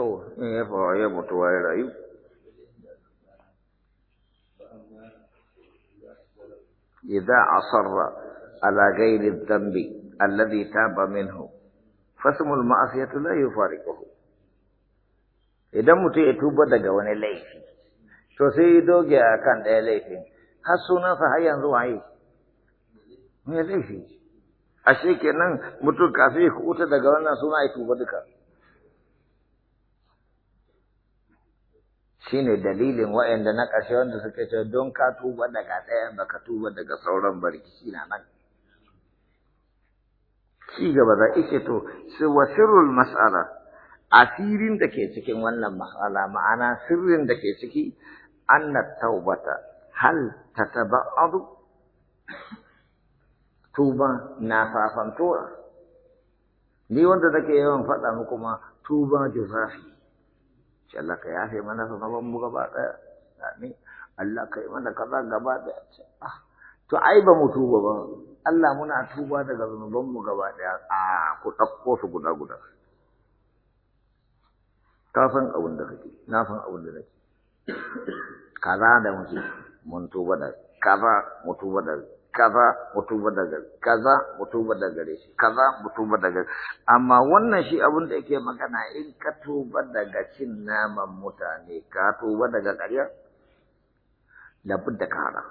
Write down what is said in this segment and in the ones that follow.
to in ya faru ya mutuwa ya rayu إذا asarra ala غير الذنب alladhi تاب minhu fasmul ma'siyatu la yufariquhu idan mutum ya tuba daga wani laifi to sai ya doge a kan ɗaya laifin har sunansa har yanzu waye me laifi ashe kenan mutum kafin ya kuta daga wannan suna ya tuba duka shine dalilin wa'anda na ƙarshe wanda suka ce don ka tuba daga ɗaya ba ka tuba daga sauran barkici na nan ci gaba da ike to su wasirul mas'ala asirin da ke cikin wannan mas'ala ma'ana sirrin da ke ciki anna taubata hal tataba'adu tuba na fafantuwa ni wanda nake yawan faɗa muku kuma tuba jufafi shi Allah ka yafe mana sanaban mu gaba ɗaya amin Allah ka yi mana kaza gaba ɗaya ah, to ai ba mu tuba ba Allah muna tuba daga zunuban mu gaba ɗaya a ah, ku ɗauko su guda guda ka san abin da kake na san abin da kake kaza da muke mun tuba da kaza mu tuba da kaza mutuba daga kaza mutuba daga gare shi kaza mutuba daga amma wannan shi abin da yake magana in ka tuba daga cin naman mutane ka tuba daga ƙarya labud da kara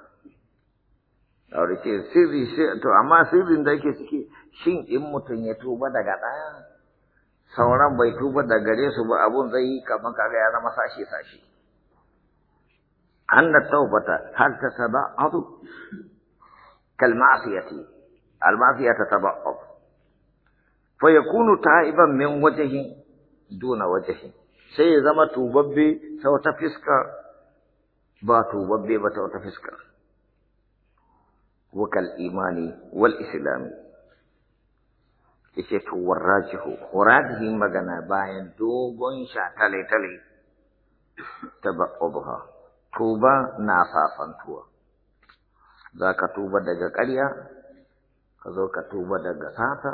aure ce sirri to amma sirrin da yake ciki shin in mutum ya tuba daga ɗaya sauran bai tuba daga gare su ba abun zai yi kamar kaga ya zama sashi sashi an da taubata har ta sada azu كالمعصية المعصية تتبعض فيكون تائبا من وجه دون وجه سي زما توبب سو تفسك با توبب با سو تفسك وكالإيمان والإسلام إشي تو والراجح خراده مغنى باين دوبون شا تلي تلي تبقبها توبا ناساسا توبا za ka tuba daga ƙarya ka zo ka tuba daga sata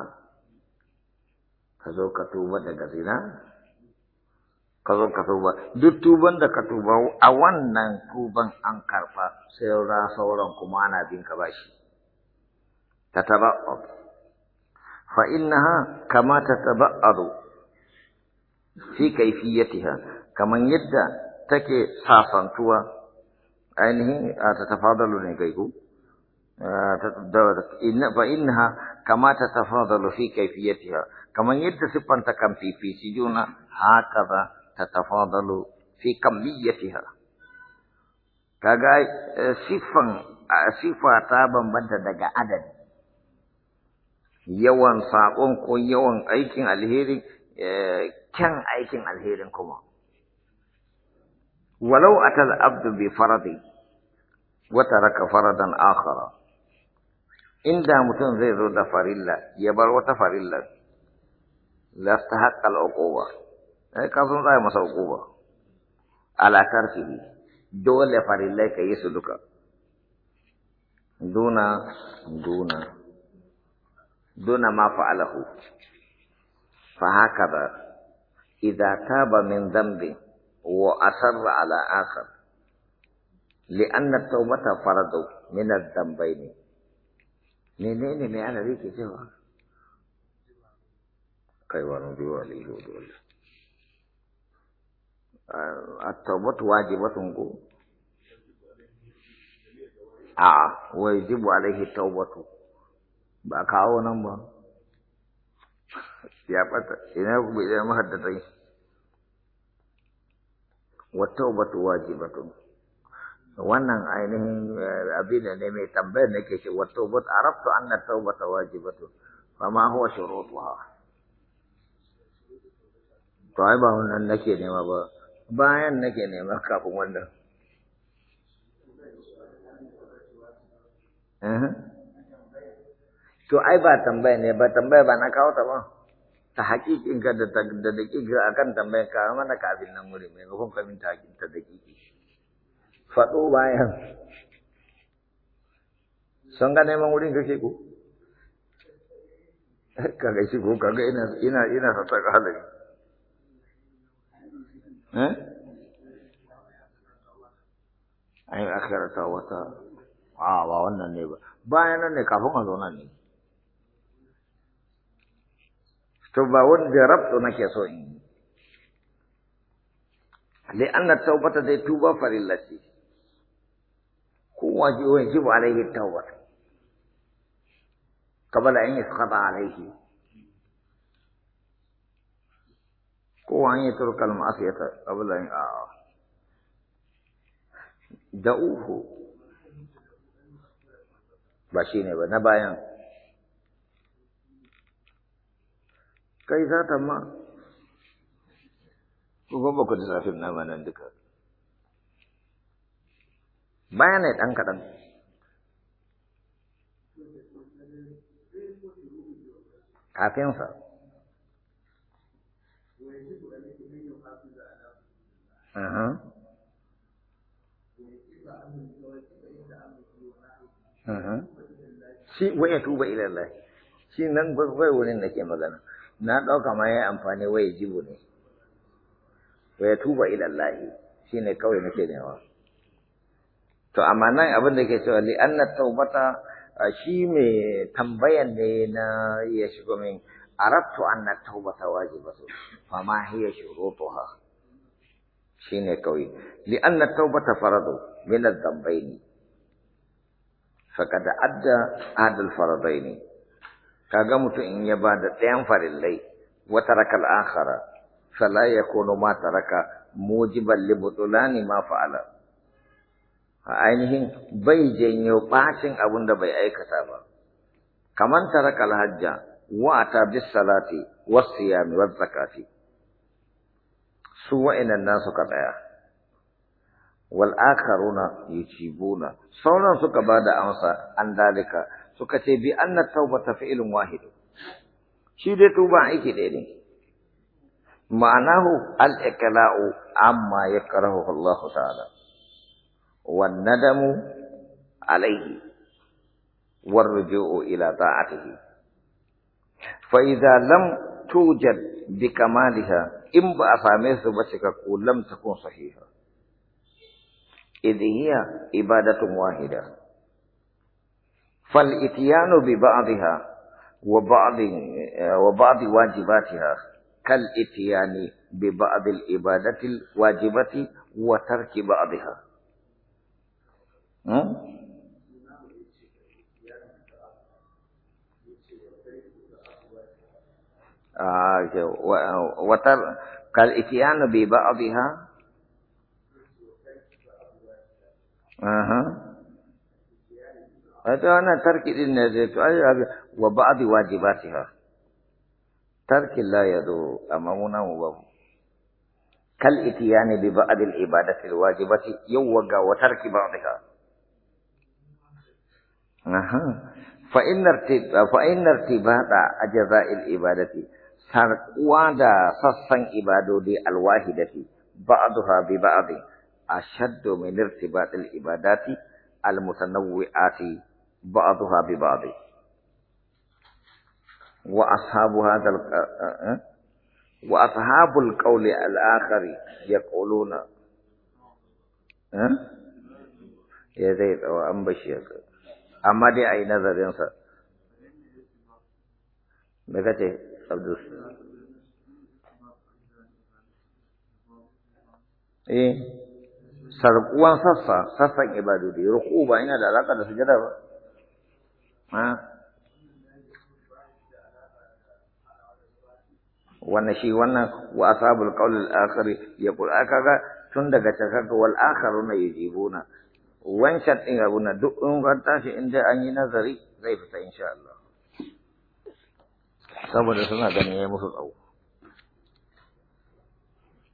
ka zo ka tuba daga zina ka zo ka tuba duk tuban da ka tuba a wannan tuban an karɓa sai ra sauran kuma ana bin ka bashi ta taba'a fa innaha kama ta taba'adu fi kaifiyatiha kaman yadda take sasantuwa ainihin ta tafadalu ne gaiku آه، فإنها كما تتفاضل في كيفيتها كما يتسب أنت كم في في سجون هكذا تتفاضل في كميتها كاغاي آه، صفا آه، صفة تابا بنت دقا عدد يوان ساقون كو يوان أيكين الهيرين كان أيكين الهيرين كما ولو أتى الأبد بفرض وترك فرضا آخر inda mutum zai zo da farilla ya bar wata farilla la ta haƙa uquba ai ka zo zai masa uquba ala tarfihi dole farilla ka yi su duka duna duna duna ma fa'alahu fa hakaza idza taba min dhanbi wa asarra ala akhar li anna at faradu min ad-dhanbayni menene mai ana rike cewa kai wani biyu alaihi wa dole a tabbatu wajibatun ko a wajibu alaihi taubatu ba kawo nan ba ya bata ina bai zama haddatai wa taubatu wajibatun wannan ainihin eh, abin ne mai tambayar nake shi wa tawbat arabtu anna tawbata wajibatu ma huwa shurutuha to ai ba wannan nake nema ba bayan nake nema kafin wannan to ai ba tambaya ne ba tambaya ba na kawo ta ba ta hakikin ka da da da dakika akan tambayar ka mana kafin nan wuri maimakon kamin ta hakikin ta dakika faɗo bayan sun ga neman wurin kake ko eh, kaga shi ko kaga ina ina ina sa eh? ta halari ah, eh ai akarata wata a ba wannan ne ba bayan nan ne kafin a zauna ne to ba wanda rabto nake so in li anna tawbata dai tuba farillati ويجب عليه التوبة قبل أن يسقط عليه هو أن يترك المعصية قبل أن دعوه بشيني بنبايان كيف تم ta ma ko ba ku bayanai ɗan kaɗan kafinsa uh wa ya shi waya tuba ilallah shi nan gwagwai wurin da ke magana na ɗauka ma ya amfani waya jibu ne waya tuba ilallah shi ne kawai nake nema to amma nan abin da ke cewa li anna taubata shi me tambayan ne na ya shigo min arabtu anna taubata wajibatu fa ma hiya shurutuha shine li anna taubata faradu min adh-dhanbayn kada adda adal faradaini kaga mutu in ya bada dayan farillai wa taraka al-akhara fala yakunu ma taraka mujiban li butulani ma fa'ala ainihin bai janyo bacin abin da bai aikata ba kaman tarakal hajja wa ta bis salati was siyam wa zakati su wa'annan nasu ka daya wal akharuna yujibuna sauran suka bada amsa an dalika suka ce bi anna tawbata fi'lun wahid shi dai tuba aiki dai ne ma'anahu al iklau amma yakrahu Allah ta'ala والندم عليه والرجوع إلى طاعته فإذا لم توجد بكمالها إن بأساميه قول لم تكن صحيحة إذ هي عبادة واحدة فالإتيان ببعضها وبعض وبعض واجباتها كالإتيان ببعض الإبادة الواجبة وترك بعضها نعم وتر كالإتيان ببعضها أها هذا أنا ترك وبعض واجباتها ترك لا يدو أمامنا وبهو كالإتيان ببعض العبادات الواجبة يوقع وترك بعضها Aha. Fa'in irtibata a jaza'il ibadati, sarkuwa da sassan ibadodi alwahidati, ba'aduha bi ba'adi, a shaddo min irtibatil ibadati almutanawwi'ati ba'aduha bi ba'adi. Wa ashabu hadal wa ashabul qawli al-akhari yaquluna ya zaid tsawa an bashi ya amma dai a yi nazarinsa me kace abdus eh sarkuwan sassa sassan ibadu da ruku ba yana da alaka da sujada ba ha wannan shi wannan wa asabul qawl al-akhir yaqul kaga tun daga takaka wal akharuna yajibuna wancan ɗin abu na duk in an tashi in dai an yi nazari zai fita insha Allah saboda suna ganin ya musu tsawo